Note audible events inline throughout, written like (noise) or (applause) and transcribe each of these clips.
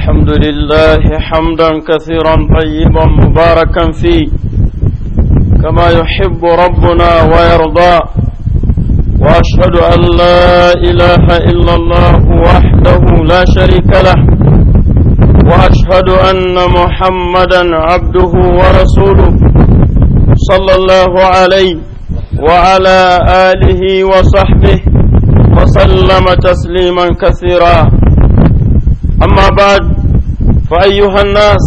الحمد لله حمدا كثيرا طيبا مباركا فيه كما يحب ربنا ويرضى وأشهد أن لا إله إلا الله وحده لا شريك له وأشهد أن محمدا عبده ورسوله صلى الله عليه وعلى آله وصحبه وسلم تسليما كثيرا أما بعد فأيها الناس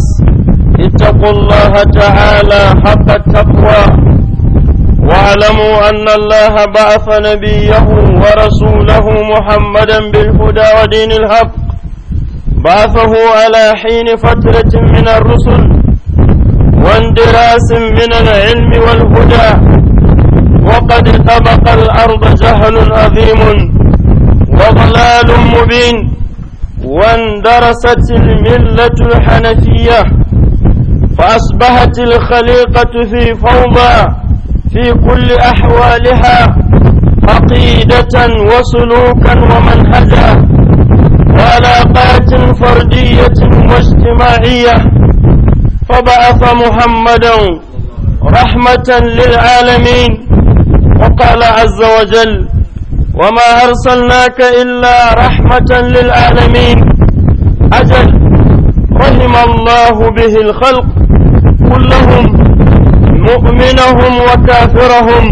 اتقوا الله تعالى حق التقوى واعلموا أن الله بعث نبيه ورسوله محمدا بالهدى ودين الحق بعثه على حين فترة من الرسل واندراس من العلم والهدى وقد طبق الأرض جهل عظيم وضلال مبين واندرست الملة الحنفية فأصبحت الخليقة في فوضى في كل أحوالها عقيدة وسلوكا ومنهجا وعلاقات فردية واجتماعية فبعث محمدا رحمة للعالمين وقال عز وجل وما أرسلناك إلا رحمة للعالمين أجل رحم الله به الخلق كلهم مؤمنهم وكافرهم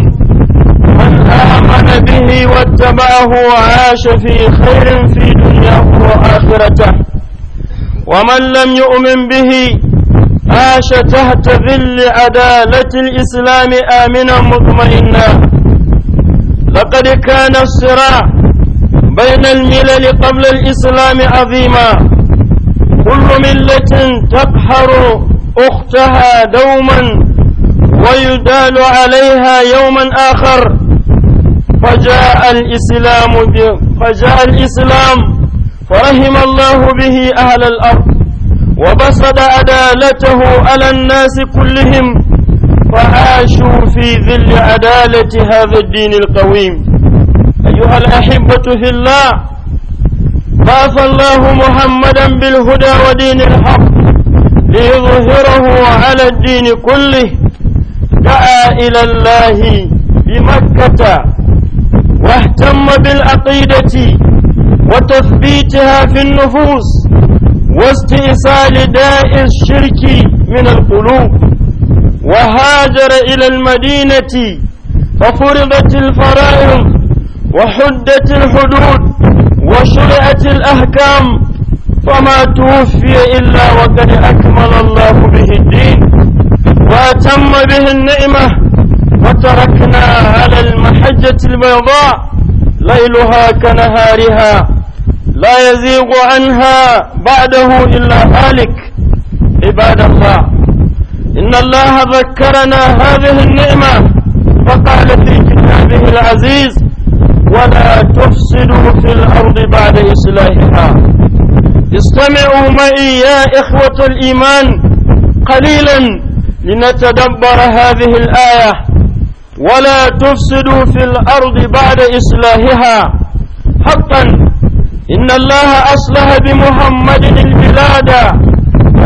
من آمن به واتبعه وعاش في خير في دنياه وآخرته ومن لم يؤمن به عاش تحت ظل عدالة الإسلام آمنا مطمئنا لقد كان الصراع بين الملل قبل الإسلام عظيما كل ملة تقهر أختها دوما ويدال عليها يوما آخر فجاء الإسلام فجاء الإسلام فرحم الله به أهل الأرض وبسط عدالته على الناس كلهم وعاشوا في ذل عدالة هذا الدين القويم أيها الأحبة في الله بعث الله محمدا بالهدى ودين الحق ليظهره على الدين كله دعا إلى الله بمكة واهتم بالعقيدة وتثبيتها في النفوس واستئصال داء الشرك من القلوب وهاجر إلى المدينة ففرضت الفرائض وحدت الحدود وشرعت الأحكام فما توفي إلا وقد أكمل الله به الدين وأتم به النعمة وتركنا على المحجة البيضاء ليلها كنهارها لا يزيغ عنها بعده إلا هالك عباد الله إن الله ذكرنا هذه النعمة فقال في كتابه العزيز ولا تفسدوا في الأرض بعد إصلاحها استمعوا معي يا إخوة الإيمان قليلا لنتدبر هذه الآية ولا تفسدوا في الأرض بعد إصلاحها حقا إن الله أصلح بمحمد البلاد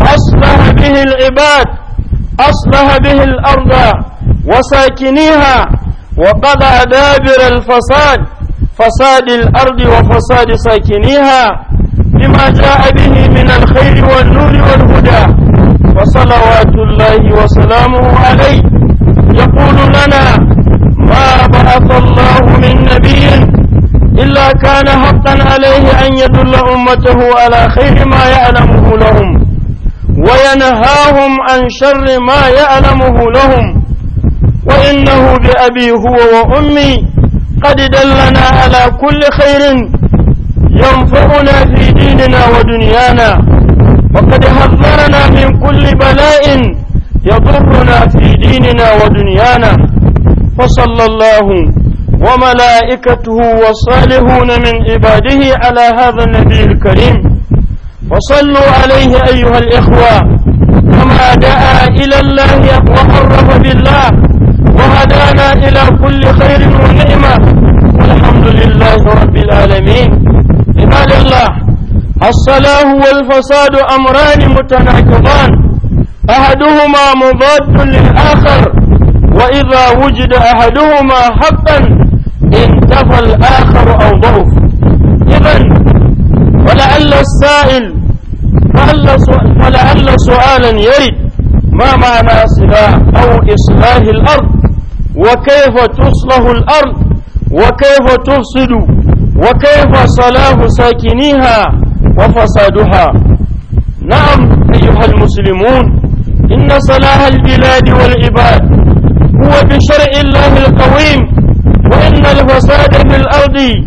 وأصلح به العباد أصلح به الأرض وساكنيها وقضى دابر الفساد فساد الأرض وفساد ساكنيها بما جاء به من الخير والنور والهدى وصلوات الله وسلامه عليه يقول لنا ما بعث الله من نبي إلا كان حقا عليه أن يدل أمته على خير ما يعلمه لهم وينهاهم عن شر ما يعلمه لهم وإنه بأبي هو وأمي قد دلنا على كل خير ينفعنا في ديننا ودنيانا وقد حذرنا من كل بلاء يضرنا في ديننا ودنيانا فصلى الله وملائكته والصالحون من عباده على هذا النبي الكريم وصلوا عليه أيها الإخوة كما دعا إلى الله وقرب بالله وهدانا إلى كل خير ونعمة والحمد لله رب العالمين عباد الله الصلاة والفساد أمران متناقضان أحدهما مضاد للآخر وإذا وجد أحدهما حقا انتفى الآخر أو ضعف إذا ولعل السائل فلعل سؤالا يرد ما معنى صلاح أو إصلاح الأرض وكيف تصلح الأرض وكيف تفسد وكيف صلاح ساكنيها وفسادها نعم أيها المسلمون إن صلاح البلاد والعباد هو بشرع الله القويم وإن الفساد في الأرض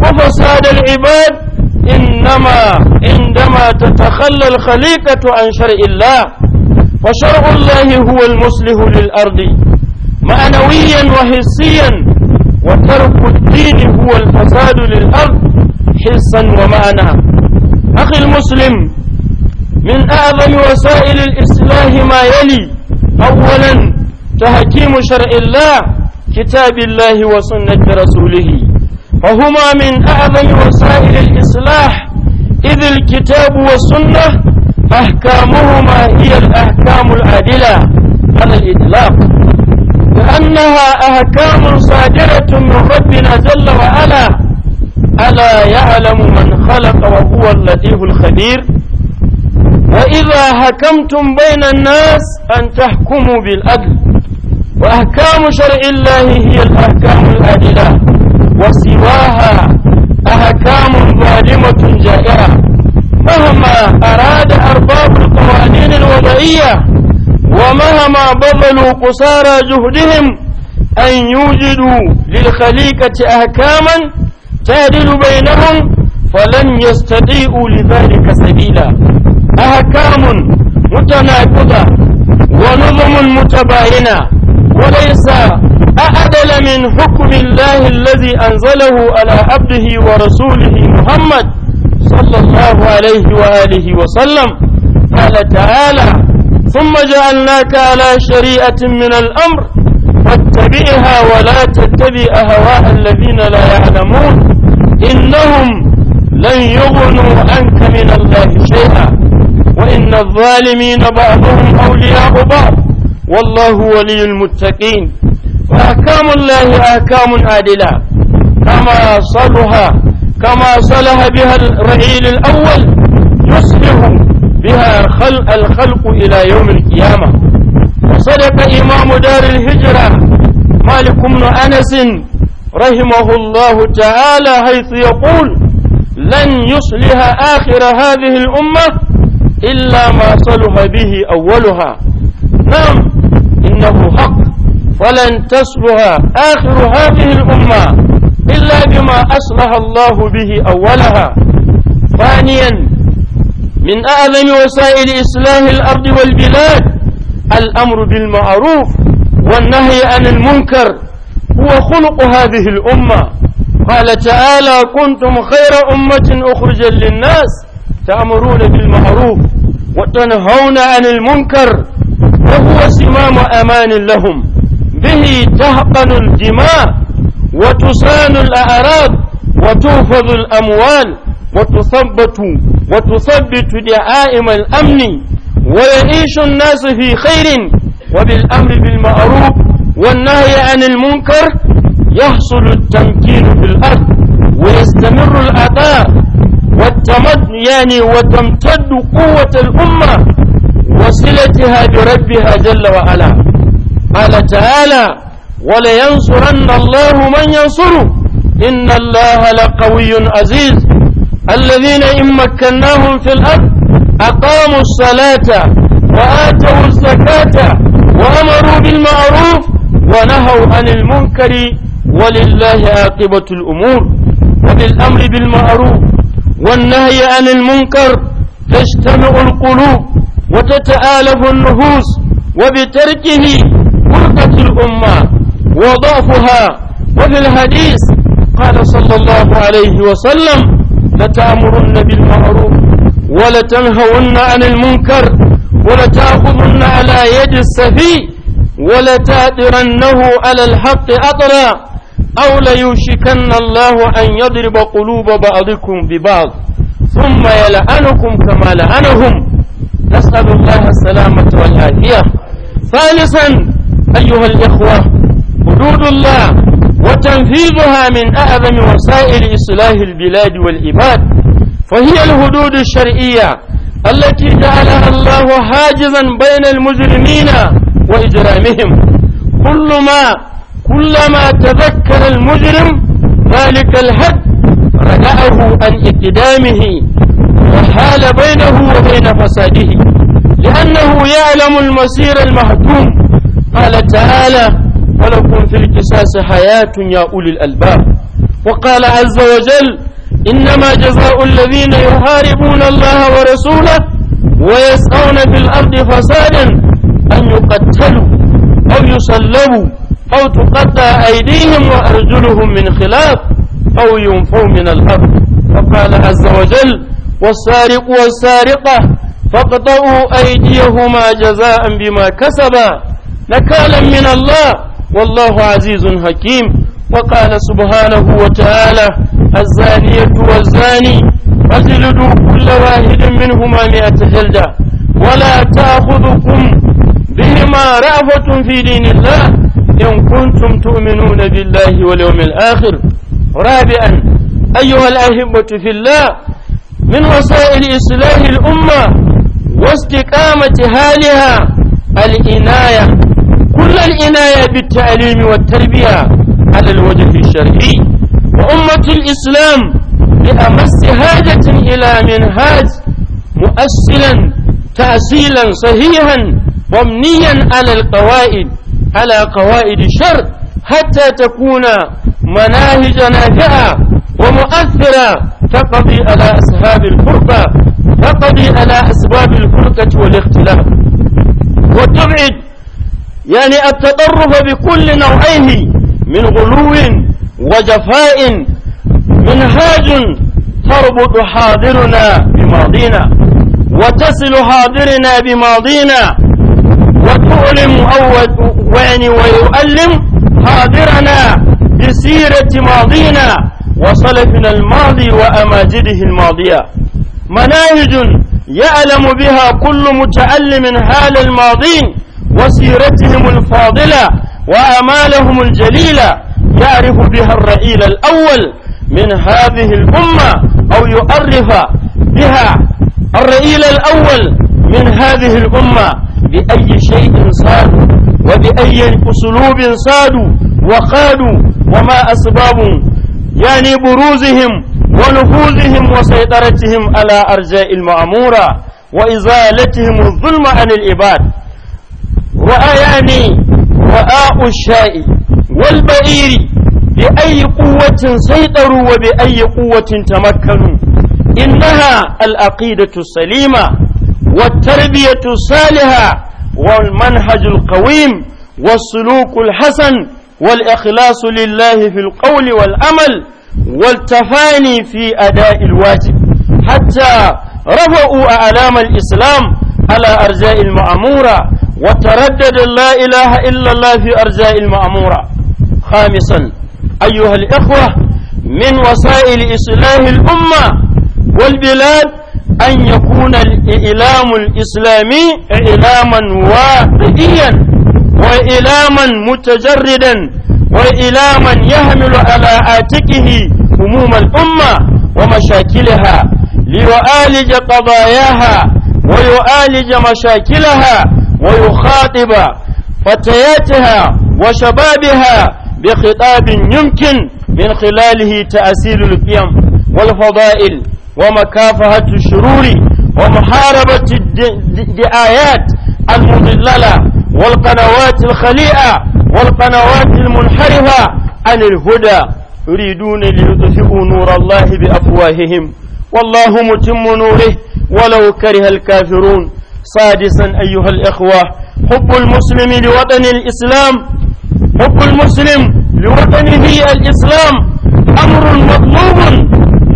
وفساد العباد إنما عندما تتخلى الخليقة عن شرع الله وشرع الله هو المصلح للأرض معنويا وحسيا وترك الدين هو الفساد للأرض حسا ومعنى أخي المسلم من أعظم وسائل الإصلاح ما يلي أولا تحكيم شرع الله كتاب الله وسنة رسوله فهما من أعظم وسائل الإصلاح إذ الكتاب والسنة أحكامهما هي الأحكام العادلة على الإطلاق لأنها أحكام صادرة من ربنا جل وعلا ألا يعلم من خلق وهو اللطيف الخبير وإذا حكمتم بين الناس أن تحكموا بالعدل وأحكام شرع الله هي الأحكام العادلة وسواها أحكام ظالمة جائرة مهما أراد أرباب القوانين الوضعية ومهما بذلوا قصارى جهدهم أن يوجدوا للخليقة أحكاما تعدل بينهم فلن يستطيعوا لذلك سبيلا أحكام متناقضة ونظم متباينة وليس أعدل من حكم الله الذي أنزله على عبده ورسوله محمد صلى الله عليه وآله وسلم قال تعالى ثم جعلناك على شريعة من الأمر فاتبعها ولا تتبع أهواء الذين لا يعلمون إنهم لن يغنوا عنك من الله شيئا وإن الظالمين بعضهم أولياء بعض والله ولي المتقين فأحكام الله أحكام عادلة كما صلح كما صلح بها الرعيل الأول يصلح بها الخلق, الخلق إلى يوم القيامة وصدق إمام دار الهجرة مالك بن أنس رحمه الله تعالى حيث يقول لن يصلح آخر هذه الأمة إلا ما صلح به أولها نعم إنه حق ولن تصلح آخر هذه الأمة إلا بما أصلح الله به أولها ثانيا من أعظم وسائل إصلاح الأرض والبلاد الأمر بالمعروف والنهي عن المنكر هو خلق هذه الأمة قال تعالى كنتم خير أمة أخرجا للناس تأمرون بالمعروف وتنهون عن المنكر وهو سمام أمان لهم به تهقن الدماء وتسان الأعراض وتحفظ الأموال وتثبت وتثبت دعائم الأمن ويعيش الناس في خير وبالأمر بالمعروف والنهي عن المنكر يحصل التمكين في الأرض ويستمر الأداء والتمد يعني وتمتد قوة الأمة وصلتها بربها جل وعلا قال تعالى ولينصرن الله من ينصره إن الله لقوي عزيز الذين إن مكناهم في الأرض أقاموا الصلاة وآتوا الزكاة وأمروا بالمعروف ونهوا عن المنكر ولله عاقبة الأمور وبالأمر بالمعروف والنهي عن المنكر تجتمع القلوب وتتآلف النفوس وبتركه وحدة الأمة وضعفها وفي الحديث قال صلى الله عليه وسلم لتأمرن بالمعروف ولتنهون عن المنكر ولتأخذن على يد السفي ولتأدرنه على الحق أطرا أو ليوشكن الله أن يضرب قلوب بعضكم ببعض ثم يلعنكم كما لعنهم نسأل الله السلامة والعافية ثالثا أيها الإخوة حدود الله وتنفيذها من أعظم وسائل إصلاح البلاد والعباد فهي الحدود الشرعية التي جعلها الله حاجزا بين المجرمين وإجرامهم كل ما كلما تذكر المجرم ذلك الحد رجعه عن اقدامه وحال بينه وبين فساده لأنه يعلم المسير المحكوم قال تعالى ولكم في القصاص حياة يا أولي الألباب وقال عز وجل إنما جزاء الذين يحاربون الله ورسوله ويسعون في الأرض فسادا أن يقتلوا أو يسلبوا أو تقطع أيديهم وأرجلهم من خلاف أو ينفوا من الأرض فقال عز وجل والسارق والسارقة فاقطعوا أيديهما جزاء بما كسبا نكالا من الله والله عزيز حكيم وقال سبحانه وتعالى الزانية والزاني فاجلدوا كل واحد منهما مئة جلدة ولا تأخذكم بهما رأفة في دين الله إن كنتم تؤمنون بالله واليوم الآخر رابعا أيها الأهبة في الله من وسائل إصلاح الأمة واستقامة حالها الإناية كل العناية بالتعليم والتربية على الوجه الشرعي وأمة الإسلام بأمس هادة إلى منهاج مؤسلا تأسيلا صحيحا ومنيا على القواعد على قواعد الشر حتى تكون مناهج نافعة ومؤثرة تقضي على أسباب الفرقة تقضي على أسباب الفرقة والاختلاف وتبعد يعني التطرف بكل نوعيه من غلو وجفاء منهاج تربط حاضرنا بماضينا وتصل حاضرنا بماضينا وتؤلم أو يعني ويؤلم حاضرنا بسيرة ماضينا وصلفنا الماضي وأماجده الماضية مناهج يعلم بها كل متعلم حال الماضي وسيرتهم الفاضلة وأمالهم الجليلة يعرف بها الرئيل الأول من هذه الأمة أو يؤرف بها الرئيل الأول من هذه الأمة بأي شيء صادوا وبأي أسلوب صادوا وقادوا وما أسباب يعني بروزهم ونفوذهم وسيطرتهم على أرجاء المعمورة وإزالتهم الظلم عن العباد وأيامي وآء الشاء والبئير بأي قوة سيطروا وبأي قوة تمكنوا إنها العقيدة السليمة والتربية الصالحة والمنهج القويم والسلوك الحسن والإخلاص لله في القول والعمل والتفاني في أداء الواجب حتى رفعوا أعلام الإسلام على أرجاء المأمورة وتردد لا إله إلا الله في أرجاء المأمورة خامسا أيها الإخوة من وسائل إصلاح الأمة والبلاد أن يكون الإعلام الإسلامي إعلاما واقعيا وإعلاما متجردا وإعلاما يحمل على عاتقه هموم الأمة ومشاكلها ليعالج قضاياها ويعالج مشاكلها ويخاطب فتياتها وشبابها بخطاب يمكن من خلاله تأسيل القيم والفضائل ومكافحة الشرور ومحاربة الدعايات المضللة والقنوات الخليئة والقنوات المنحرفة عن الهدى يريدون ليطفئوا نور الله بأفواههم والله متم نوره ولو كره الكافرون سادسا أيها الإخوة حب المسلم لوطن الإسلام حب المسلم لوطنه الإسلام أمر مطلوب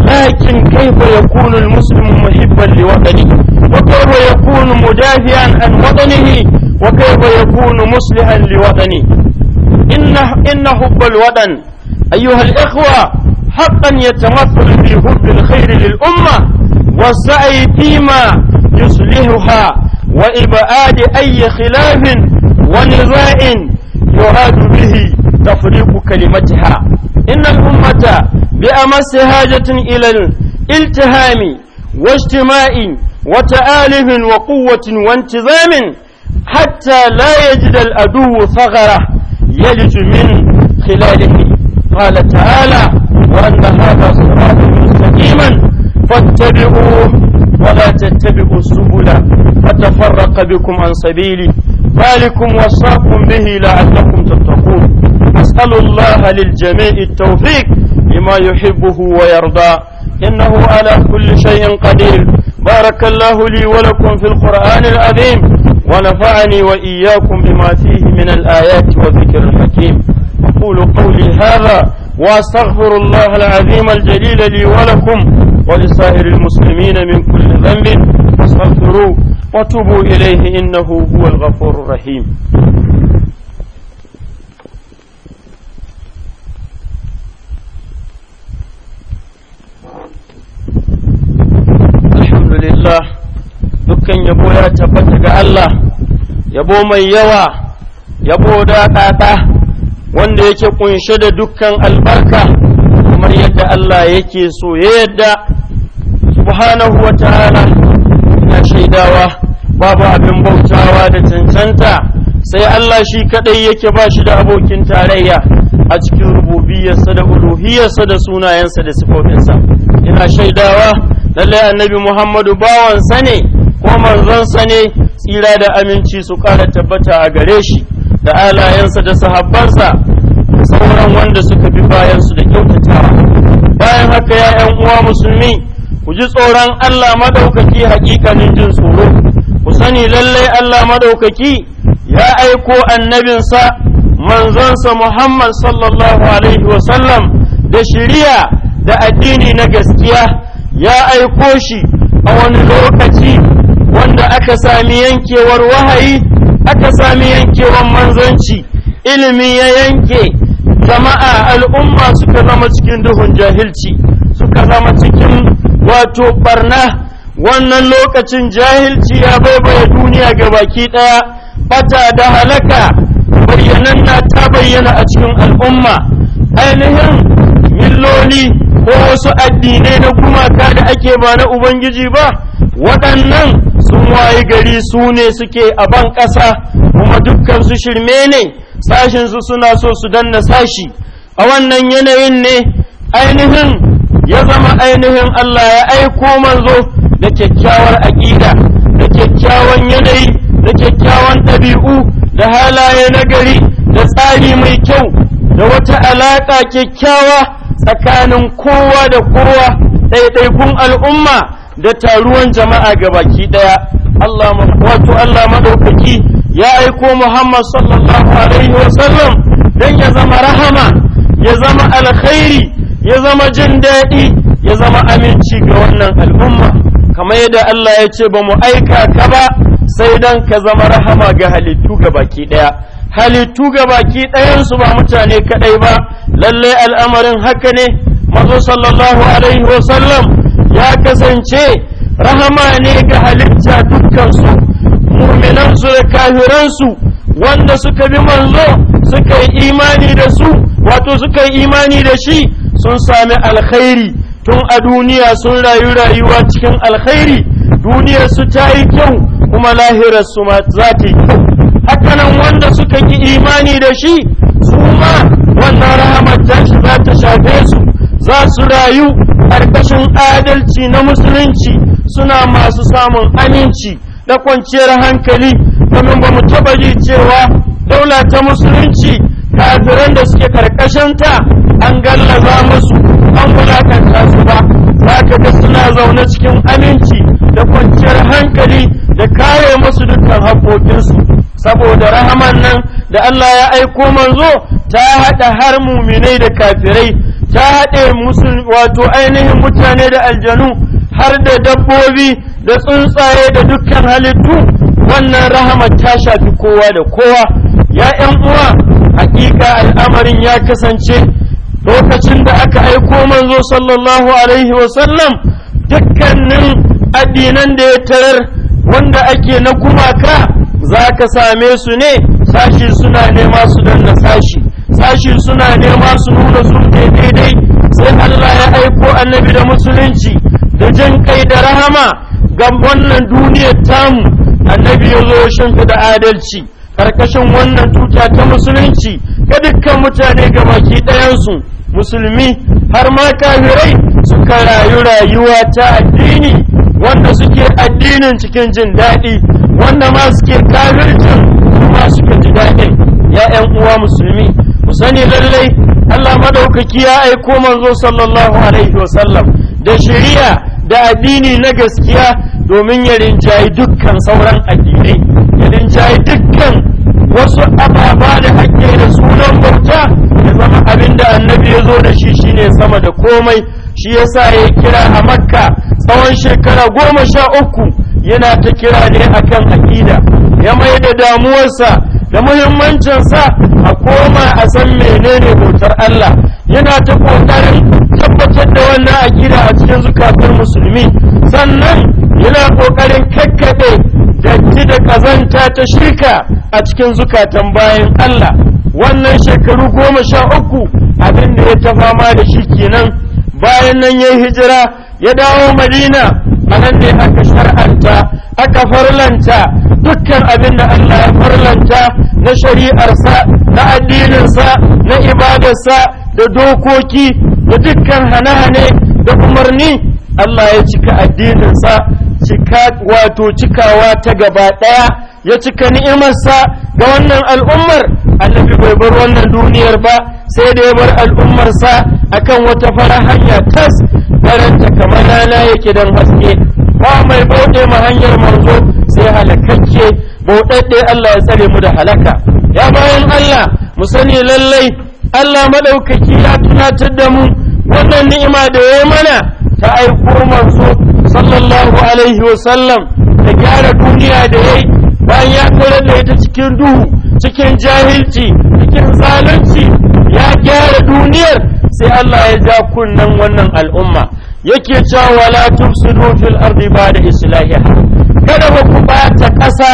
لكن كيف يكون المسلم محبا لوطنه وكيف يكون مدافعا عن وطنه وكيف يكون مصلحا لوطنه إن, إن حب الوطن أيها الإخوة حقا يتمثل في حب الخير للأمة والسعي فيما يصلحها وإبعاد أي خلاف ونزاع يراد به تفريق كلمتها إن الأمة بأمس حاجة إلى الالتهام واجتماع وتآلف وقوة وانتظام حتى لا يجد الأدو ثغرة يلج من خلاله قال تعالى وأن هذا صراط مستقيما فاتبعوه ولا تتبعوا السبل فتفرق بكم عن سبيلي ذلكم وصاكم به لعلكم تتقون أسأل الله للجميع التوفيق لما يحبه ويرضى إنه على كل شيء قدير بارك الله لي ولكم في القرآن العظيم ونفعني وإياكم بما فيه من الآيات والذكر الحكيم أقول قولي هذا وأستغفر الله العظيم الجليل لي ولكم ولسائر المسلمين من كل ذنب فاستغفروه وتوبوا إليه إنه هو الغفور الرحيم الحمد لله dukkan yabo ya tabbata ga Allah yabo mai yawa yabo da wanda yake kunshe da dukkan albarka kamar yadda Allah yake so yadda subhanahu wa ta'ala na shaidawa babu abin bautawa da cancanta sai Allah shi kadai yake ba shi da abokin tarayya a cikin rububiyarsa da uluhiyarsa da sunayensa da sifofinsa ina shaidawa lallai annabi Muhammadu bawansa ne ko manzonsa ne tsira da aminci su ƙara tabbata a gare shi da alayensa da sahabbansa sauran wanda suka bi bayansu da kyautatawa bayan haka ya 'yan uwa musulmi ji tsoron Allah madaukaki hakikanin jin tsoro ku sani lallai Allah madaukaki ya aiko annabinsa manzonsa Muhammad sallallahu alaihi wasallam da shiriya da addini na gaskiya ya aiko shi a wani lokaci wanda aka sami yankewar wahayi aka sami yankewar manzanci ilimi ya yanke jama'a al'umma suka zama cikin duhun jahilci suka zama cikin wato barna wannan lokacin jahilci ya baibaye duniya ga baki ɗaya bata da halaka bayyanan na ta bayyana a cikin al'umma ainihin milloli ko wasu addinai na gumaka da ake ba na ubangiji ba waɗannan sun waye gari su ne suke a ban ƙasa kuma dukkan su shirme ne sashinsu suna so su danna sashi a wannan yanayin ne ainihin ya zama ainihin Allah ya aiko manzo da kyakkyawar aƙida da kyakkyawan yanayi da kyakkyawan ɗabi'u da halaye nagari da tsari mai kyau da wata alaƙa kyakkyawa tsakanin kowa da kowa ɗaiɗaikun al'umma da taruwan jama'a gabaki ɗaya Allah wato Allah maɗaukaki ya aiko Muhammad sallallahu alaihi wasallam dan ya zama rahama ya zama alkhairi ya zama jin daɗi ya zama aminci ga wannan al'umma kamar yadda Allah ya ce ba mu aika ka ba sai dan ka zama rahama ga halittu ga baki ɗaya halittu ga baki ɗayansu ba mutane kaɗai ba lallai al'amarin haka ne mazo sallallahu alaihi wasallam ya kasance rahama ne ga halitta dukkansu muminansu da kafiransu wanda suka bi manzo suka yi imani da su wato suka yi imani da shi sun sami alkhairi tun a duniya sun rayu rayuwa cikin alkhairi duniyar su ta yi kyau kuma lahirar su ma za ta yi kyau hakanan wanda suka ki imani da shi su ma wannan rahamar tashi za ta shafe su za su rayu ƙarƙashin adalci na musulunci suna masu samun aminci da kwanciyar hankali domin ba mu taɓa yi cewa daula ta musulunci kafiran da suke karkashinta an gallaza musu an wulakanta su ba za ka ga suna zaune cikin aminci da kwanciyar hankali da kare musu dukkan haƙoƙinsu saboda rahaman nan da Allah ya aiko manzo ta haɗa har muminai da kafirai ta haɗe musu wato ainihin mutane da aljanu har da dabbobi da tsuntsaye da dukkan halittu wannan rahama ta shafi kowa da kowa ya ‘yan uwa hakika al'amarin ya kasance lokacin da aka aiko manzo sallallahu alaihi wasallam dukkanin addinan da ya tarar wanda ake na gumaka za ka same su ne sashi suna nema su danna sashi sashi suna nema su nuna su daidai sai Allah ya aiko annabi da musulunci da jin kai da rahama ga wannan duniyar tamu annabi ya zo shimfi da adalci karkashin wannan tuta ta musulunci ga dukkan mutane ga baki ɗayansu musulmi har ma kafirai suka rayu rayuwa ta addini wanda suke addinin cikin jin daɗi wanda ma suke kafircin kuma suke ji daɗin ya 'yan uwa musulmi ku sani lallai Allah madaukaki ya aiko manzo sallallahu alaihi wasallam da shari'a da addini na gaskiya domin ya rinjayi dukkan sauran addinai ya rinjaye dukkan wasu ababa da ake da sunan bauta ya zama abin da annabi ya zo da shi shine sama da komai shi ya sa ya kira a makka tsawon shekara goma sha uku yana ta kira ne akan aƙida ya mai da damuwarsa da muhimmancinsa a koma a san menene bautar Allah yana ta ƙoƙarin tabbatar da wannan akida a cikin zukatun musulmi sannan yana ƙoƙarin kakkaɓe datti da ƙazanta ta shirka a cikin zukatan bayan Allah wannan shekaru goma sha uku abin da ya ta fama da shi kenan bayan nan ya hijira ya dawo madina a nan ne aka shar'anta aka farlanta dukkan abin da Allah ya farlanta na shari'arsa na addininsa na ibadarsa da dokoki da dukkan hane da umarni Allah ya cika addininsa cika wato cikawa ta gaba ɗaya ya cika ni'imarsa ga wannan al'ummar annabi bai bar wannan duniyar ba sai da ya bar al'ummarsa akan wata fara hanya tas Karanta kamar rana yake don haske ba mai bauɗe ma hanyar manzo sai halakakke bauɗaɗɗe Allah ya tsare mu da halaka ya bayan Allah mu sani lallai Allah maɗaukaki ya tunatar da mu wannan ni'ima da ya mana ta aiko manzo sallallahu alaihi wa sallam da gyara duniya da yayi bayan ya kore da ita cikin duhu cikin jahilci cikin zalunci ya gyara duniyar sai Allah ya ja kunnen wannan al'umma yake cewa wala tufsidu fil ardi ba'da islahiha kada ba ku bata ƙasa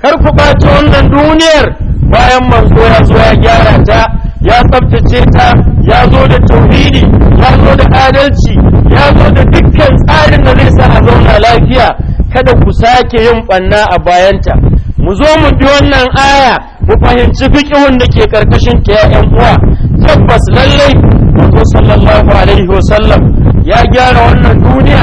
kar ku bata wannan duniyar bayan manzo ya zo ya gyara ta ya tsabtace ta ya zo da tauhidi ya zo da adalci ya zo da dukkan tsarin da zai sa a zauna lafiya kada ku sake yin ɓanna a bayanta mu zo mu bi wannan aya mu fahimci fiƙihun da ke karkashin ta ya'yan uwa tabbas lallai wato sallallahu alaihi wasallam ya gyara wannan duniya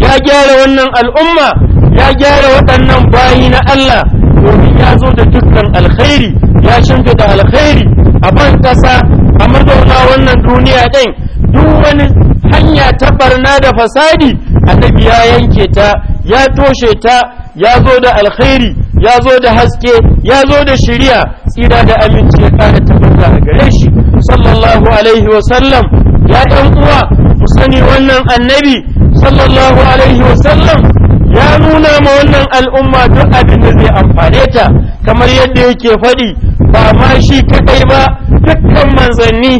ya gyara wannan al'umma ya gyara waɗannan bayi na Allah domin ya zo da dukkan alkhairi ya shimfida alkhairi a ban ƙasa a mazauna wannan duniya ɗin duk wani hanya ta barna da fasadi annabi ya yanke ta ya toshe ta ya zo da alkhairi ya zo da haske ya zo da shirya tsira da aminci ya ƙara tabbata a gare shi sallallahu alaihi wa sallam ya ɗan uwa ku sani wannan annabi sallallahu alaihi wa sallam ya nuna ma wannan al'umma duk abin da zai amfane ta kamar yadda yake faɗi ba ma shi kadai ba dukkan manzanni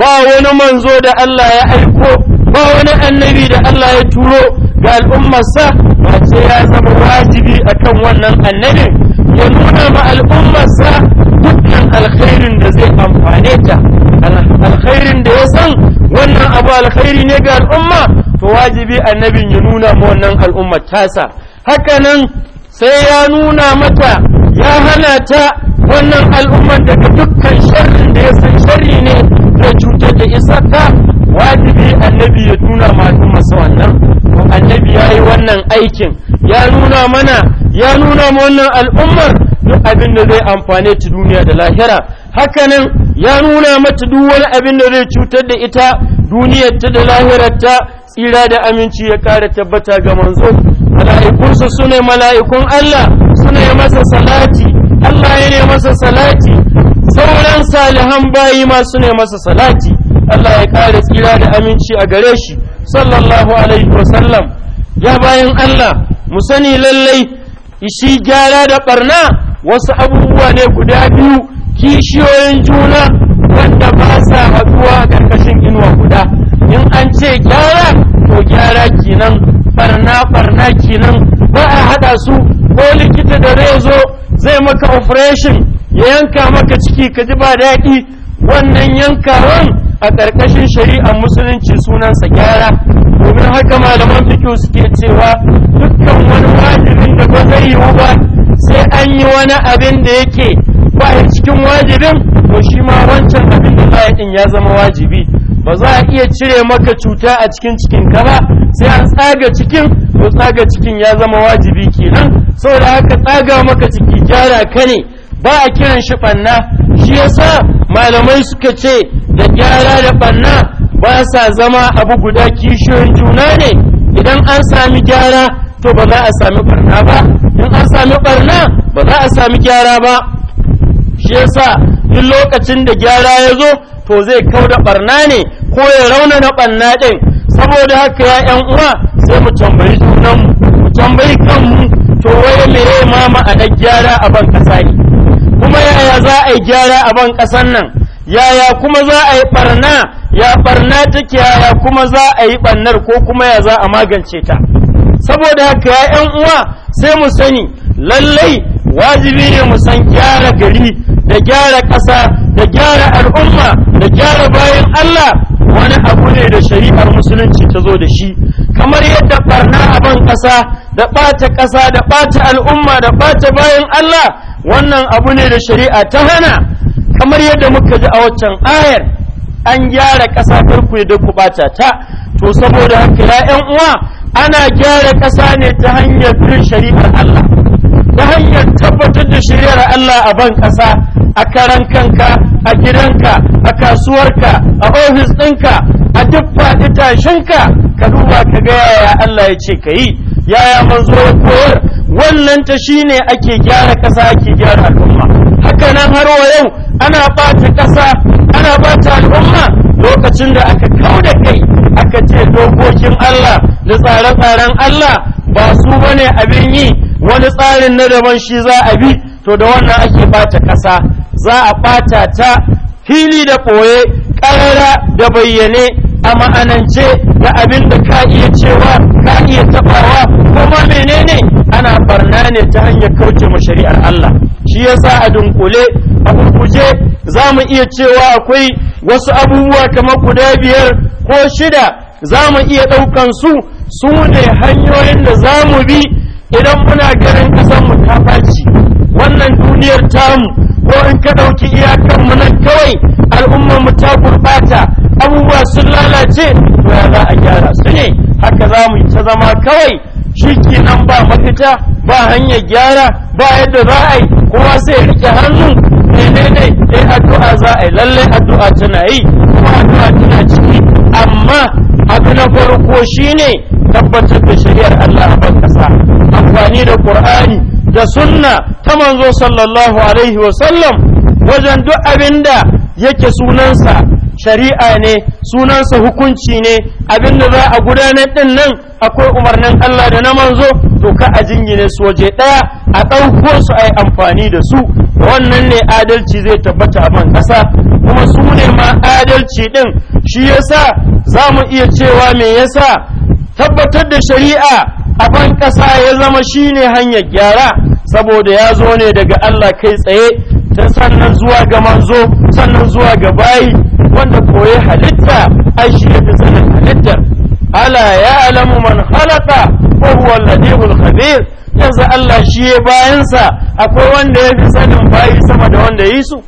ba wani manzo da Allah ya aiko ba wani annabi da Allah ya turo ga al'ummarsa ba ce ya zama wajibi akan wannan annabin ya nuna ma al'ummarsa dukkan alkhairin da zai amfane ta alkhairin da ya san wannan abu alkhairi ne ga al'umma to wajibi annabin ya nuna ma wannan al'ummar tasa hakanan sai ya nuna mata ya hana ta wannan al'ummar daga dukkan sharrin da ya san sharri ne da cutar da isaka wajibi annabi ya nuna masu masa wannan annabi ya yi wannan aikin ya nuna mana ya nuna ma wannan al'ummar duk abin da zai amfane ta duniya da lahira hakanan ya nuna mata duk wani abin da zai cutar da ita ta da lahirarta tsira da aminci ya ƙara tabbata ga manzo mala'ikunsa su ne mala'ikun Allah su ne masa salati Allah ya ne masa salati sauran salihan bayi masu ne masa salati Allah ya kare tsira da aminci a gare shi sallallahu alaihi wasallam ya bayan Allah mu sani lallai shi gyara da barna wasu abubuwa ne guda biyu kishiyoyin juna wanda ba sa haɗuwa a ƙarƙashin inuwa guda in an ce gyara to gyara kenan barna barna kenan ba a haɗa su ko likita da zai zo. zai maka operation ya yanka maka ciki ka ji ba daɗi wannan yankawan a ƙarƙashin shari'ar musulunci sunansa gyara domin haka malaman fikiyu suke cewa dukkan wani wajibin da ba zai yiwu ba sai an yi wani abin da yake ba cikin wajibin ko shi ma wancan abin da za din ya zama wajibi ba za a iya cire maka cuta a cikin cikin ka ba sai an tsaga cikin ko tsaga cikin ya zama wajibi kenan saboda haka tsaga maka ciki gyara ka ne ba a kiran shi banna shi yasa malamai suka ce da gyara da banna ba sa zama abu guda kishiyoyin juna ne idan an sami gyara to ba za a sami barna ba in an sami ɓarna ba za a sami gyara ba shi yasa duk lokacin da gyara ya zo to zai kau da barna ne ko ya rauna na barna ɗin saboda haka ya ƴan uwa sai mu tambayi junanmu mu tambayi kanmu to wai me ya ma ma'anar gyara a ban ƙasa ne kuma yaya za a yi gyara a ban ƙasan nan yaya kuma za a yi barna ya barna take yaya kuma za a yi ɓannar ko kuma ya za a magance ta saboda haka ya ƴan uwa sai mu sani lallai wajibi ne mu san gyara gari da gyara ƙasa da gyara al'umma da gyara bayan Allah wani abu ne da shari'ar musulunci ta zo da shi kamar yadda barna a ban ƙasa da ɓata ƙasa da ɓata al'umma da ɓata bayan Allah wannan abu ne da shari'a ta hana kamar yadda muka ji a waccan ayar an gyara ƙasa farko da ku ɓata ta to saboda haka ya uwa ana gyara ƙasa ne ta hanyar bin shari'ar Allah ta hanyar tabbatar da shiryar Allah a ban ƙasa a karan kanka a gidanka a kasuwarka a ofis ɗinka a duk faɗi tashinka ka duba ka ga yaya Allah ya ce ka yi yaya manzo ya koyar wannan ta shine ake gyara ƙasa ake gyara al'umma haka nan har wa yau ana ɓata ƙasa ana ɓata al'umma lokacin da aka kau da kai aka ce dokokin Allah da tsare-tsaren Allah ba su bane abin yi wani tsarin na daban shi za a bi to da wannan ake bata kasa, za a bata ta fili da ɓoye ƙarara da bayyane a ma'anance da abin da ka iya cewa ka iya taɓawa kuma menene ana barna ne ta hanyar kauce ma shari'ar Allah shi yasa a dunkule a kurkuje za mu iya cewa akwai wasu abubuwa kamar guda biyar ko shida za mu iya ɗaukan su su ne hanyoyin da za mu bi idan muna ganin mu ta baci wannan duniyar tamu ko in ka ɗauki iyakanmu nan kawai mu ta gurbata abubuwa sun lalace to ya za a gyara su ne haka za mu ta zama kawai shi nan ba mafita ba hanyar gyara ba yadda za a yi kuma sai rike hannu menene dai addu'a za a yi lallai addu'a tana yi kuma addu'a tana ciki amma abu na farko shine tabbatar da shari'ar Allah a ban kasa amfani da Qur'ani da sunna ta manzo sallallahu alaihi wa sallam wajen duk abinda yake sunansa shari'a ne sunansa hukunci ne abinda za a gudanar din nan akwai umarnin Allah da na manzo to ka a jingine su waje daya a ɗauko su a yi amfani da su wannan ne adalci zai tabbata a man kasa. kuma su ne ma adalci din shi yasa za mu iya cewa me yasa tabbatar da shari'a a ban ƙasa ya zama shi ne hanyar gyara saboda ya zo ne daga Allah kai tsaye ta sannan zuwa ga manzo sannan zuwa ga bayi wanda koyi halitta ai shi ne sanin halittar ala ya alamu man halaka ko huwa ladibul khabir yanzu Allah shi ya bayansa akwai wanda ya fi sanin bayi sama da wanda yi su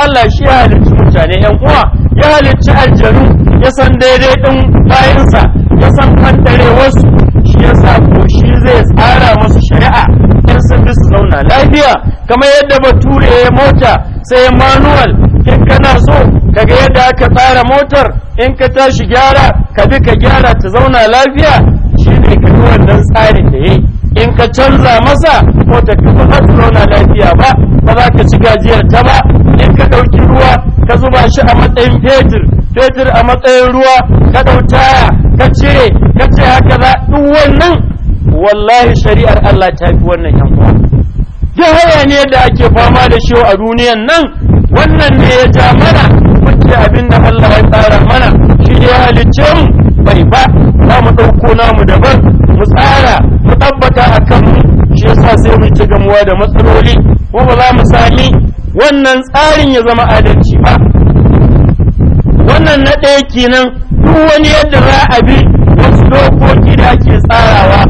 Allah shi ya halicci mutane yan uwa ya halicci aljanu ya san daidai din bayansa ya san kaddare wasu shi ya sa ko shi zai tsara masu shari'a yan sun bi su zauna lafiya kamar yadda bature ya mota sai manual in kana so kaga yadda aka tsara motar in ka tashi gyara ka bi ka gyara ta zauna lafiya shi ne ka wannan tsarin da yayi in ka canza masa ko ta ba za zauna lafiya ba ba za ka ci gajiyar ta ba in ka ɗauki ruwa ka zuba shi a matsayin fetur fetur a matsayin ruwa ka ɗauta ka cire ka ce haka za duk wannan wallahi shari'ar Allah ta fi wannan yankuwa uwa haya ne da ake fama da shi a duniyan nan wannan ne ya ja mana muke abin da Allah ya tsara mana shi ya halicce mu bai ba za mu ɗauko namu daban mu tsara ku tabbata a kanmu shi yasa sai mu ci gamuwa da matsaloli ko ba za mu sami wannan tsarin ya zama adalci ba wannan na ɗaya kenan duk wani yadda za a bi wasu dokoki da ake tsarawa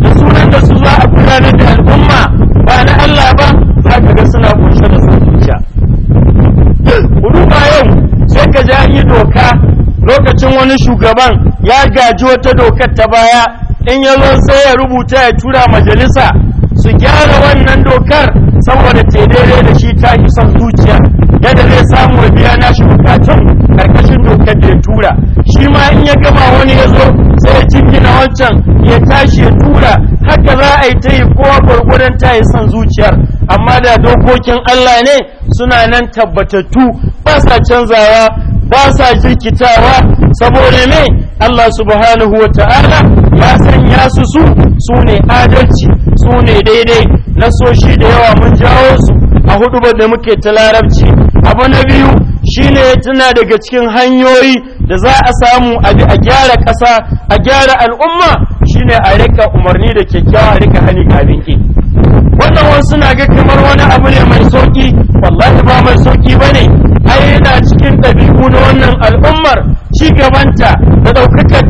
da sunan da su za a gudanar da al'umma ba na Allah ba za ka ga suna kunshe da sun zuciya duba yau sai ka ji an yi doka lokacin wani shugaban ya gaji wata dokar ta baya in ya sai ya rubuta ya tura majalisa su gyara wannan dokar saboda ta daidai da shi ta ki zuciya yadda zai samu biya shi bukatun karkashin dokar da ya tura shi ma in ya gama wani ya zo sai ya na wancan ya tashi ya tura haka za a yi ta yi kowa gwargwadon ta yi san zuciyar amma da dokokin Allah ne suna nan tabbatattu ba sa canzawa ba sa jirkitawa saboda ne Allah subhanahu wa ta'ala ya sanya su su su ne adalci su ne daidai nasoshi da yawa mun jawo su a hudu da muke ta larabci abu na biyu shine tana daga cikin hanyoyi da za a samu abi a gyara kasa a gyara al'umma shine a rika umarni da kyakkyawa a rika hani kafin ki wannan wasu suna ga kamar wani abu ne mai sauki wallahi ba mai sauki bane ai yana cikin ɗabi'u na wannan al'ummar ci gabanta da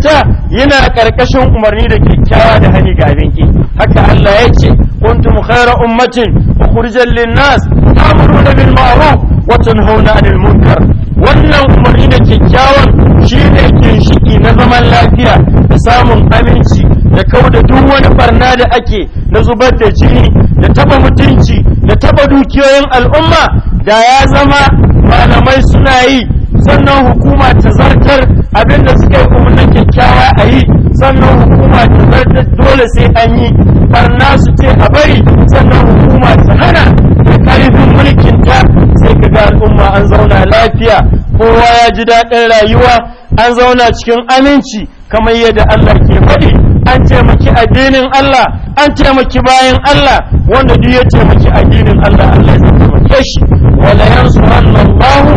ta yana ƙarƙashin umarni da kyakkyawa da hani ga abinki haka Allah ya ce kuntum khayra ummatin ukhrijal linnas ta'muruna bil ma'ruf wa tanhauna 'anil munkar wannan umarni da kyakkyawan shine ginshiki na zaman lafiya da samun aminci da da duk wani barna da ake na zubar da jini da taba mutunci da taba dukiyoyin al'umma da ya zama malamai suna yi sannan hukuma ta zartar abinda da suke kuma kyakkyawa a yi sannan hukuma ta zartar dole sai an yi barna su ce a bari sannan hukuma ta hana da karfin mulkinta sai ka ga al'umma an zauna lafiya kowa ya ji daɗin rayuwa an zauna cikin aminci kamar yadda Allah ke faɗi an taimaki addinin Allah an taimaki bayan Allah wanda duk ya taimaki addinin Allah Allah ya taimake shi wala yansuranallahu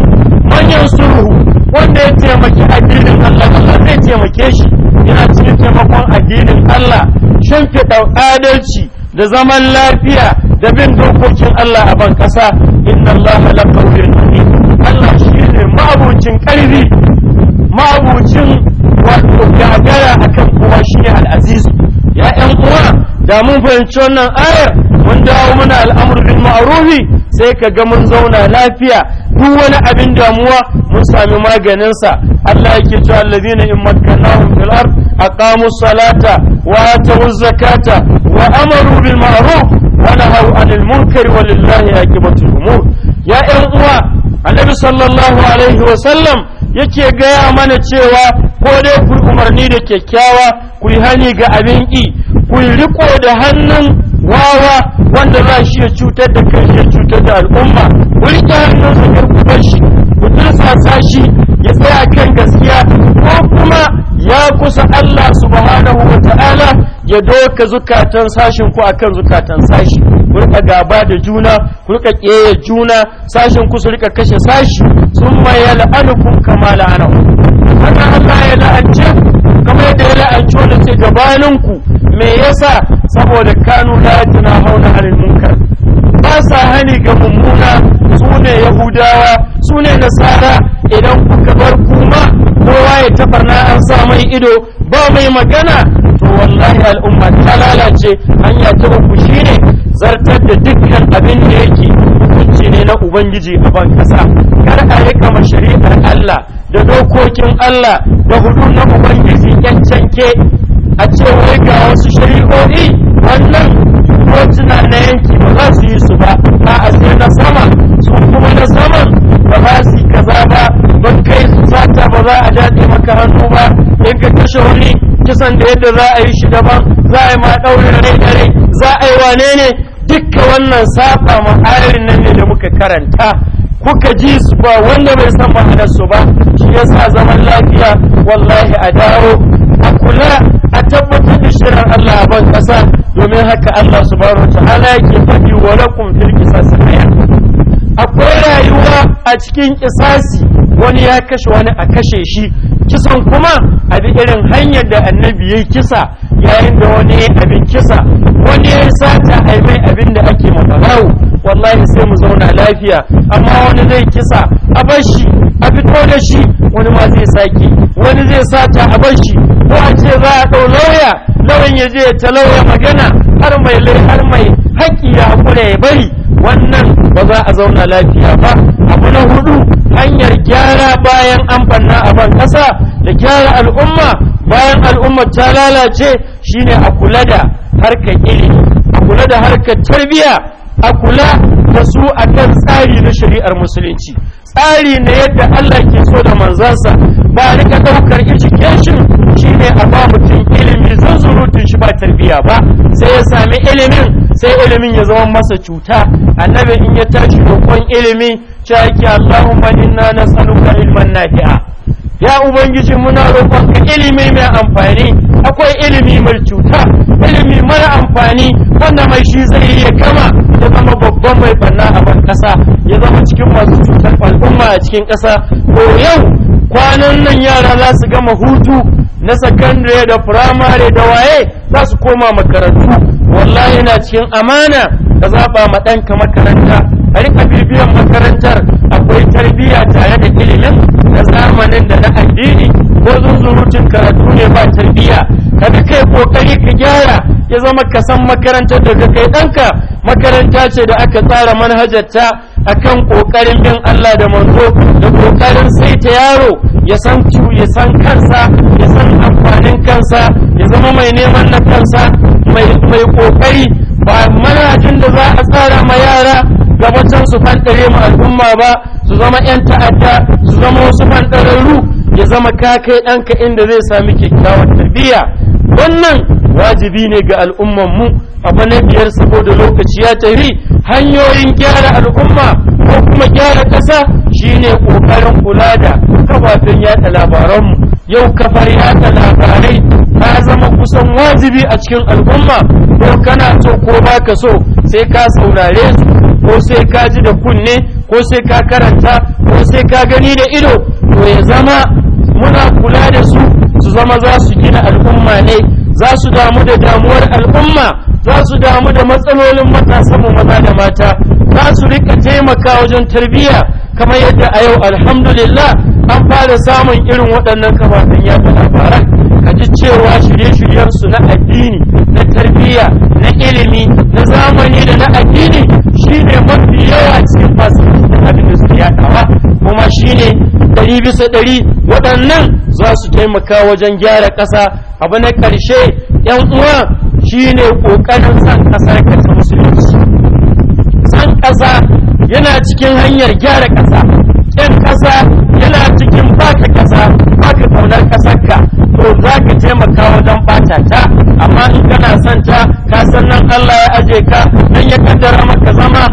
man yansuruhu wanda ya taimaki addinin Allah Allah zai taimake shi yana cikin taimakon addinin Allah shimfiɗa adalci da zaman lafiya da bin dokokin Allah a ban ƙasa inna Allah la qawiyun Allah shi ne ma'abucin ƙarfi ma'abucin wato gagara akan kowa shine al'aziz ya ɗan uwa da mun fahimci wannan ayar mun dawo muna al'amur ma'arufi sai ka ga mun zauna lafiya duk wani abin damuwa mun sami maganinsa Allah yake cewa allazina in makkannahum fil ard aqamu salata wa atu zakata wa amaru bil ma'ruf wa nahaw anil munkari walillahi aqibatu umur ya ɗan uwa annabi sallallahu alaihi wa sallam yake gaya mana cewa ko dai ku umarni da kyakkyawa ku yi hani ga abin ƙi ku yi riko da hannun wawa wanda za shi ya cutar da kai ya cutar da al'umma ku riƙe hannun kar ku bar ku tursasa shi ya tsaya kan gaskiya ko kuma ya kusa Allah subhanahu wa ta'ala ya doka zukatan sashin ku akan zukatan sashi ku rika gaba da juna ku rika keye juna sashin ku su rika kashe sashi summa yal'anukum kama la'anahu haka Allah ya la'ance kamar yadda ya la'ance wanda ce gabanin ku me yasa saboda kanu la hauna 'anil munkar ba sa hani ga mummuna su ne yahudawa su ne nasara idan kuka bar kuma kowa ya tabarna an sa mai ido ba mai magana to wallahi al'umma ta lalace hanya ta uku shine zartar da dukkan abin da yake hukunci ne na ubangiji a ban kasa kar a yi kama shari'ar Allah da dokokin Allah da hudu na ubangiji ke a ce wai ga wasu shari'o'i wannan kotuna na yanki ba za su yi su ba a sai na sama su kuma na saman ba za su yi kaza ba ban kai sata ba za a daɗe maka hannu ba in ka kashe wani kisan da yadda za a yi shi daban za a yi ma ɗaurin rai da rai za a yi wane ne wannan saba ma nan ne da muka karanta kuka ji su ba wanda bai san ma'anar su ba shi yasa zaman lafiya wallahi a dawo a kula a tabbatar da shirin Allah a ban kasa domin haka Allah subhanahu wa ta'ala yake faɗi wa lakum fil qisas akwai rayuwa a cikin kisasi wani ya kashe wani a kashe shi kisan kuma a bi irin hanyar da annabi ya kisa yayin da wani ya abin kisa wani ya sata a mai abin da ake mafarawo wallahi sai mu zauna lafiya amma wani zai kisa a bashi a fito da shi wani ma zai sake wani zai sata a bashi ko a ce za a ɗau lauya lauyan ya je ta lauya magana har mai har mai haƙƙi ya haƙura ya bari wannan ba za a zauna lafiya ba abu na hudu hanyar gyara bayan an a ban kasa da gyara al'umma bayan al'ummar ta lalace shine a kula da harkar ilimi a kula da harkar tarbiyya a kula da su a kan tsari na shari'ar musulunci tsari na yadda Allah ke so da manzansa ba rika daukar education shine a ba mutum shi surutun shi ba tarbiya ba sai ya sami ilimin sai ilimin ya zama masa cuta annabi in ya tashi dokon ilimi cewa yake Allahumma inna nas'aluka ilman nafi'a ya ubangiji muna roƙon ka ilimi mai amfani akwai ilimi mai cuta ilimi mara amfani wanda mai shi zai iya gama ya zama babban mai banna a ban ƙasa ya zama cikin masu cutar al'umma a cikin ƙasa ko yau kwanan nan yara za su gama hutu na sakandare da firamare da waye za su koma makarantu wallahi na cikin amana ka zaɓa ma ɗanka makaranta a rika bibiyan makarantar akwai tarbiyya tare da ilimin na zamanin da na addini ko zunzurutun karatu ne ba tarbiyya ka bi kai kokari ka gyara ya zama ka san makarantar da ka kai ɗanka makaranta ce da aka tsara manhajarta akan kokarin bin Allah da manzo da kokarin saita yaro ya san ya san kansa ya san amfanin kansa ya zama mai neman na kansa mai kokari ba manajin da za a tsara ma yara ga gabatan su fantare mu al'umma ba su zama 'yan ta'adda su zama wasu fantararru ya zama ka kai ɗanka inda zai sami kyakkyawar tarbiyya wannan wajibi ne ga al'umman mu abu na biyar saboda lokaci ya tafi hanyoyin gyara al'umma ko kuma gyara ƙasa shine kokarin kula da kafafen yada labaranmu yau kafar yada labarai ta zama kusan wajibi a cikin al'umma ko kana so ko baka so sai ka saurare su ko sai ka ji da kunne ko sai ka karanta ko sai ka gani da ido to ya zama muna kula da su su zama za su gina al'umma ne za su damu da damuwar al'umma za su damu da matsalolin matasan mu maza da mata za su rika taimaka wajen tarbiyya kamar yadda a yau alhamdulillah an fara samun irin waɗannan kafafen yaɗa labaran ka ji cewa shirye-shiryensu na addini na tarbiyya na ilimi na zamani da na addini shi ne mafi yawa cikin fasinci da abin da suke yadawa kuma shi ne ɗari bisa ɗari waɗannan za su taimaka wajen gyara ƙasa abu na ƙarshe yan uwa shi ne ƙoƙarin san ƙasar ka musulunci san ƙasa yana cikin hanyar gyara ƙasa ƙin ƙasa yana cikin baka ƙasa baka ƙaunar ka. to za ka taimaka wajen ɓata ta amma in kana son ta ka san nan Allah ya aje ka dan ya kaddara maka zama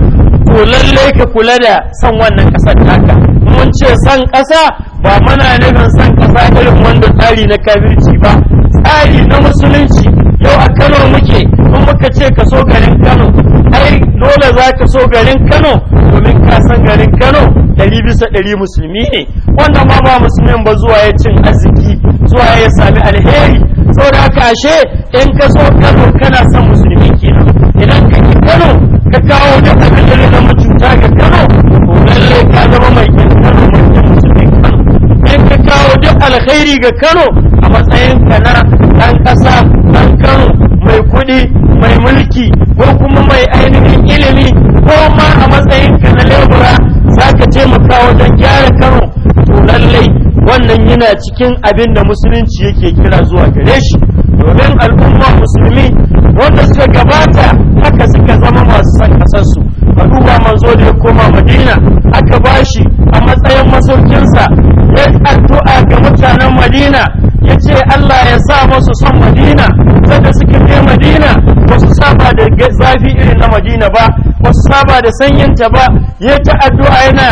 to lallai ka kula da son wannan ƙasar taka mun ce son ƙasa ba muna nufin son ƙasa irin wanda tsari na kafirci ba tsari na musulunci yau a Kano muke kun muka ce ka so garin Kano ai dole za ka so garin Kano domin ka san garin Kano ɗari bisa ɗari musulmi ne wanda ma ba musulmin ba zuwa ya cin arziki zuwa ya sami alheri saboda haka ashe in ka so Kano kana son musulmi kenan idan ka ki Kano ka kawo da akalin na mutunta ga Kano ko lalle ka zama mai kin Kano mai musulmi Kano in ka kawo duk alheri ga Kano a matsayin ka na dan kasa dan Kano mai kuɗi mai mulki ko kuma mai ainihin ilimi ko ma a matsayin ka na lebura za ka taimaka wajen gyara Kano wannan yana cikin abin da musulunci yake kira zuwa gare shi domin al'umma musulmi wanda suka gabata haka suka zama masu san kasarsu duba manzo da ya koma madina aka bashi a matsayin masaukinsa ya addu'a ga mutanen madina ya ce allah ya sa masu son madina sanda suka je madina ba su saba da zafi irin na madina ba ba su saba da sanyinta ba ya ta addu'a yana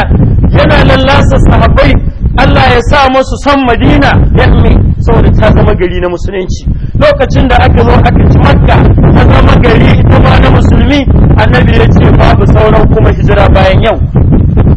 yana lallasa sahabbai Allah ya sa musu san Madina ya mai saboda ta zama gari na musulunci lokacin da aka zo aka ci Makka ta zama gari ta ma na musulmi annabi ya ce babu sauran kuma hijira bayan yau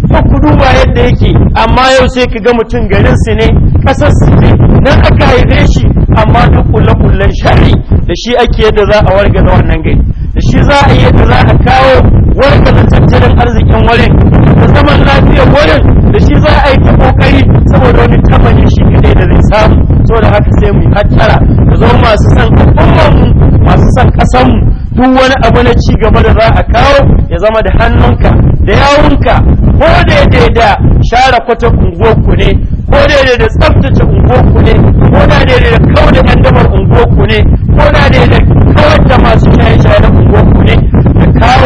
ko ku duba yadda yake amma yau sai ka ga mutum garin su ne kasar su ne nan aka haife shi amma duk kulle-kullen shari da shi ake yadda za a da wannan gari shi za a yi da za a kawo warkar tattalin arzikin wurin da zaman lafiya wurin da shi za a yi ta kokari saboda wani tabbacin shi ne da zai samu da haka sai mu hattara da zo masu san al'ummarmu masu san ƙasarmu duk wani abu na ci gaba da za a kawo ya zama da hannunka da yawunka ko ya da share kwata unguwarku ne ko ya da tsaftace unguwarku ne ko daidai da kawo da yan damar ne ko daidai da kawar da masu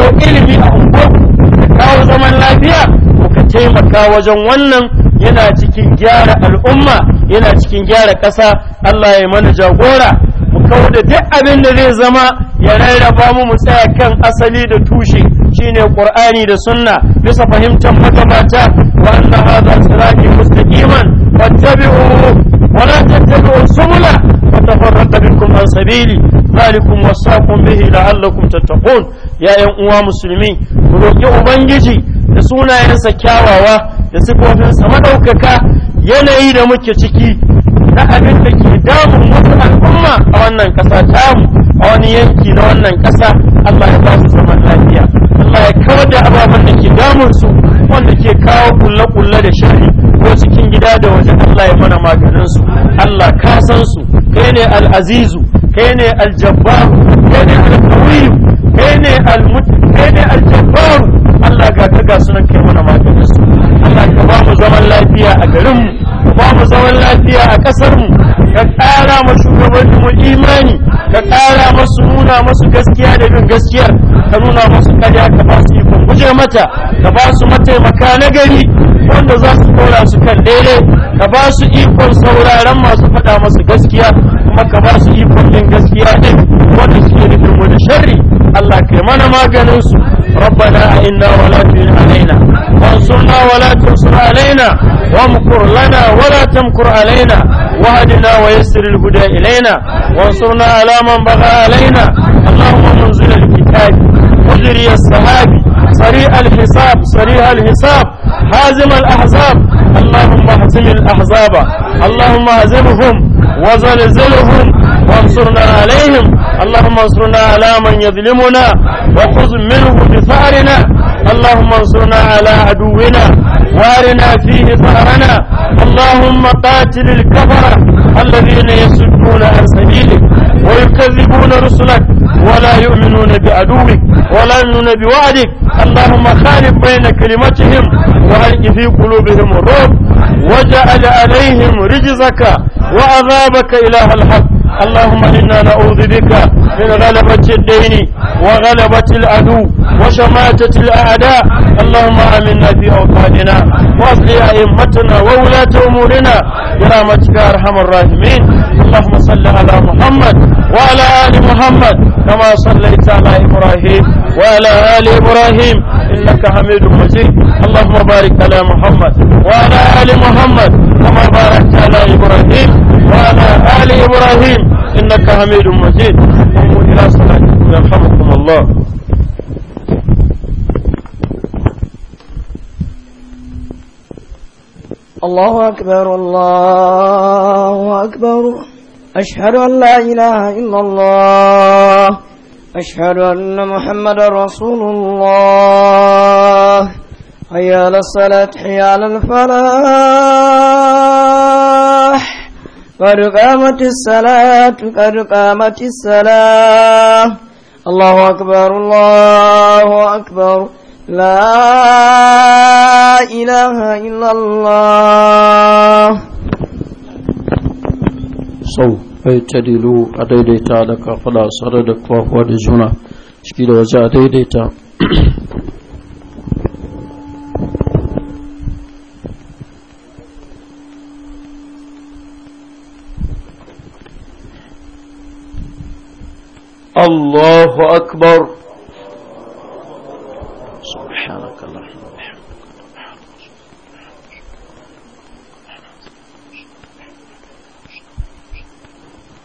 kawo ilimi a unguwar ka kawo zaman lafiya ko ka taimaka wajen wannan yana cikin gyara al'umma yana cikin gyara ƙasa Allah ya mana jagora mu kawo da duk abin da zai zama ya rarraba mu mu tsaya kan asali da tushe shine qur'ani da sunna bisa fahimtar magabata wa anna hadha siratun mustaqiman wa la tattabi'u السبل فتفرق bikum an sabili ذلكم وصاكم به لعلكم تتقون ya yan uwa musulmi mu roƙi ubangiji da sunayensa kyawawa da sifofinsa maɗaukaka, yanayi da muke ciki na abin da ke damun wasu al'umma a wannan ƙasa mu, a wani yanki na wannan ƙasa Allah ya ba zaman lafiya Allah ya kawar da ababen da ke damun su wanda ke kawo kulle-kulle da shari ko cikin gida da waje Allah ya mana maganin su Allah ka san su kai ne al'azizu kai ne aljabbaru kai ne alkawiyu kai ne aljabbar Allah ga ka ga sunan kai mana maganin su Allah ka ba mu zaman lafiya a garin mu ba mu zaman lafiya a kasar mu ka ƙara mu shugabanni mu imani ka ƙara musu nuna musu gaskiya da bin gaskiyar ka nuna musu kariya ka ba su ikon guje mata ka ba su mataimaka na gari wanda za su ɗora su kan daidai ka ba su ikon sauraron masu faɗa masu gaskiya kuma ka ba su ikon bin gaskiya ɗin wanda suke nufin da sharri Allah ke mana maganin su rabbana inna wala tu'in alaina wa sunna wala tusra alaina wa mkur lana wala tamkur alaina wa hadina wa yassir alhuda ilaina wa sunna ala man bagha alaina Allahumma munzil alkitab mudri as-sahab sari al-hisab sari al-hisab hazim al-ahzab Allahumma hazim al-ahzaba Allahumma hazimhum wa zalzilhum وانصرنا عليهم اللهم انصرنا على من يظلمنا وخذ منه بثارنا اللهم انصرنا على عدونا وارنا فيه ثارنا اللهم قاتل الكفرة الذين يصدون عن سبيلك ويكذبون رسلك ولا يؤمنون بعدوك ولا يؤمنون بوعدك اللهم خالف بين كلمتهم وألق في قلوبهم الرعب وجعل عليهم رجزك وعذابك إله الحق اللهم إنا نعوذ بك من غلبة الدين وغلبة العدو وشماتة الأعداء اللهم آمنا في أوطاننا وأصلح أئمتنا وولاة أمورنا برحمتك ارحم الراحمين اللهم صل على محمد وعلى ال محمد كما صليت على ابراهيم وعلى ال ابراهيم انك حميد مجيد اللهم بارك على محمد وعلى ال محمد كما باركت على ابراهيم وعلى ال ابراهيم انك حميد مجيد قوموا الى صلاتكم يرحمكم الله الله أكبر الله أكبر أشهد أن لا إله إلا الله أشهد أن محمد رسول الله حي للصلاة حيا للفلاح قد قامت الصلاة قد قامت الصلاة الله أكبر الله أكبر لا إله إلا الله صو اعتدلوا أديديتا لك فلا صردك وهو دجنا شكيد وزا أديديتا الله أكبر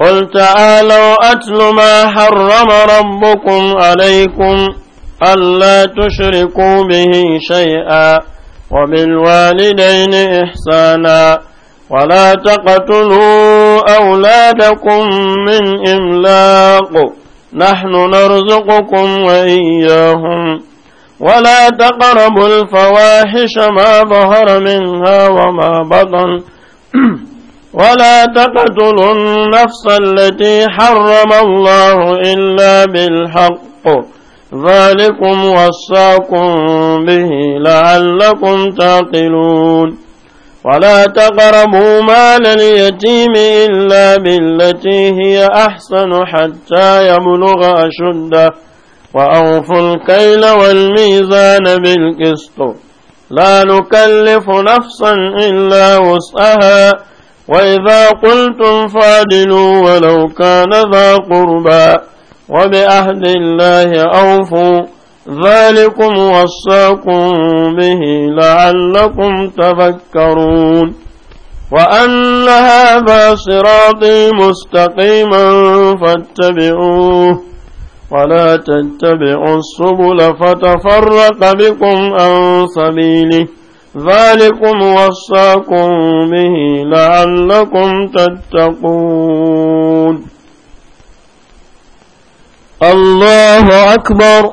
قل تعالوا أتل ما حرم ربكم عليكم ألا تشركوا به شيئا وبالوالدين إحسانا ولا تقتلوا أولادكم من إملاق نحن نرزقكم وإياهم ولا تقربوا الفواحش ما ظهر منها وما بطن (clears throat) ولا تقتلوا النفس التي حرم الله إلا بالحق ذلكم وصاكم به لعلكم تعقلون ولا تقربوا مال اليتيم إلا بالتي هي أحسن حتى يبلغ أشده وأوفوا الكيل والميزان بالقسط لا نكلف نفسا إلا وسعها وإذا قلتم فادلوا ولو كان ذا قربى وبأهد الله أوفوا ذلكم وصاكم به لعلكم تذكرون وأن هذا صراطي مستقيما فاتبعوه ولا تتبعوا السبل فتفرق بكم عن سبيله ذلكم وصاكم به لعلكم تتقون الله أكبر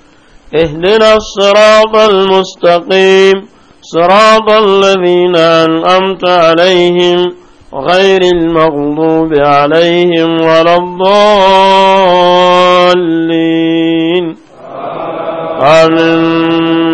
اهدنا الصراط المستقيم صراط الذين أنأمت عليهم غير المغضوب عليهم ولا الضالين آمين